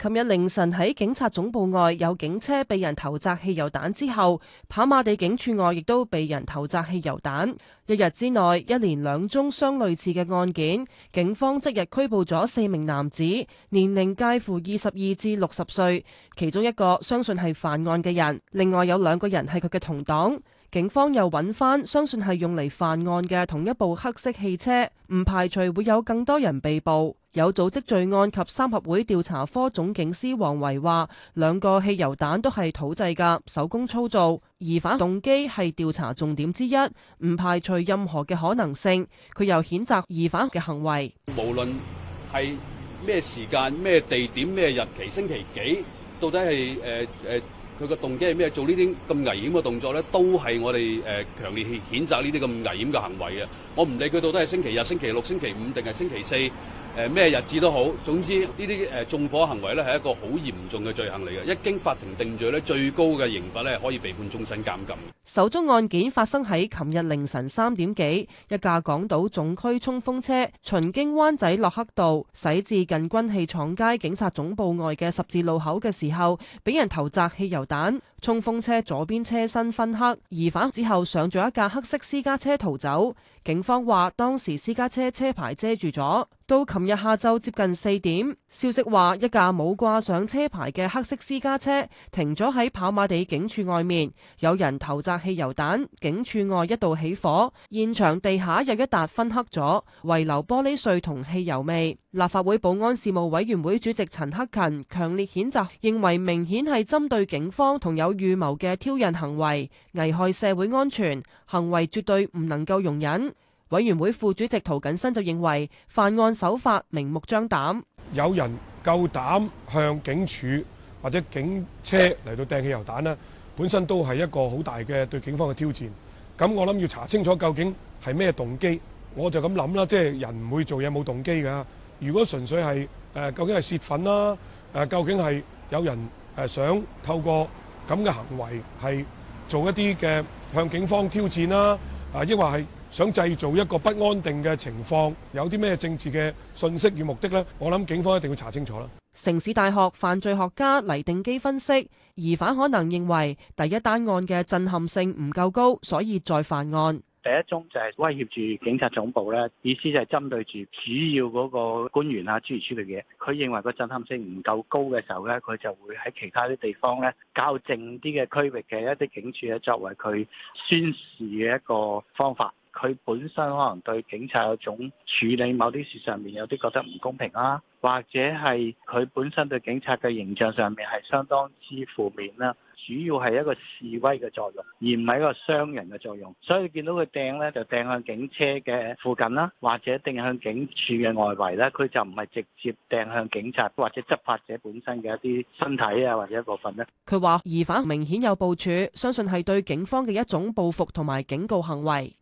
琴日凌晨喺警察總部外有警車被人投擲汽油彈之後，跑馬地警署外亦都被人投擲汽油彈。一日之內，一連兩宗相類似嘅案件，警方即日拘捕咗四名男子，年齡介乎二十二至六十歲，其中一個相信係犯案嘅人，另外有兩個人係佢嘅同黨。警方又揾翻相信係用嚟犯案嘅同一部黑色汽車，唔排除會有更多人被捕。有組織罪案及三合會調查科總警司黃維話，兩個汽油彈都係土製噶，手工操作，疑犯動機係調查重點之一，唔排除任何嘅可能性。佢又譴責疑犯嘅行為。無論係咩時間、咩地點、咩日期、星期幾，到底係誒誒。呃呃佢個動機係咩？做呢啲咁危險嘅動作咧，都係我哋誒強烈譴責呢啲咁危險嘅行為嘅。我唔理佢到底係星期日、星期六、星期五定係星期四。誒咩，呃、日子都好，總之呢啲誒縱火行為咧係一個好嚴重嘅罪行嚟嘅。一經法庭定罪咧，最高嘅刑罰咧可以被判終身監禁。首宗案件發生喺琴日凌晨三點幾，一架港島總區衝鋒車巡經灣仔洛克道，駛至近軍器廠街警察總部外嘅十字路口嘅時候，俾人投擲汽油彈。衝鋒車左邊車身分黑，疑犯之後上咗一架黑色私家車逃走。警方話當時私家車車牌遮住咗。到琴日下晝接近四點，消息話一架冇掛上車牌嘅黑色私家車停咗喺跑馬地警署外面，有人投擲汽油彈，警署外一度起火，現場地下有一笪分黑咗，遺留玻璃碎同汽油味。立法會保安事務委員會主席陳克勤強烈譴責，認為明顯係針對警方同有有預謀嘅挑釁行為，危害社會安全行為絕對唔能夠容忍。委員會副主席陶謹申就認為，犯案手法明目張膽，有人夠膽向警署或者警車嚟到掟汽油彈咧，本身都係一個好大嘅對警方嘅挑戰。咁我諗要查清楚究竟係咩動機，我就咁諗啦。即係人唔會做嘢冇動機噶。如果純粹係誒、呃，究竟係洩憤啦？誒、呃，究竟係有人誒想透過？咁嘅行為係做一啲嘅向警方挑戰啦，啊，抑或係想製造一個不安定嘅情況，有啲咩政治嘅信息與目的呢？我諗警方一定要查清楚啦。城市大學犯罪學家黎定基分析，疑犯可能認為第一單案嘅震撼性唔夠高，所以再犯案。第一宗就係威脅住警察總部咧，意思就係針對住主要嗰個官員啊，諸如此類嘅嘢。佢認為個震撼性唔夠高嘅時候咧，佢就會喺其他啲地方咧，較靜啲嘅區域嘅一啲警署咧，作為佢宣示嘅一個方法。佢本身可能對警察有種處理某啲事上面有啲覺得唔公平啦、啊，或者係佢本身對警察嘅形象上面係相當之負面啦、啊。主要係一個示威嘅作用，而唔係一個傷人嘅作用。所以見到佢掟咧，就掟向警車嘅附近啦、啊，或者掟向警署嘅外圍咧。佢就唔係直接掟向警察或者執法者本身嘅一啲身體啊，或者一部分咧。佢話疑犯明顯有部署，相信係對警方嘅一種報復同埋警告行為。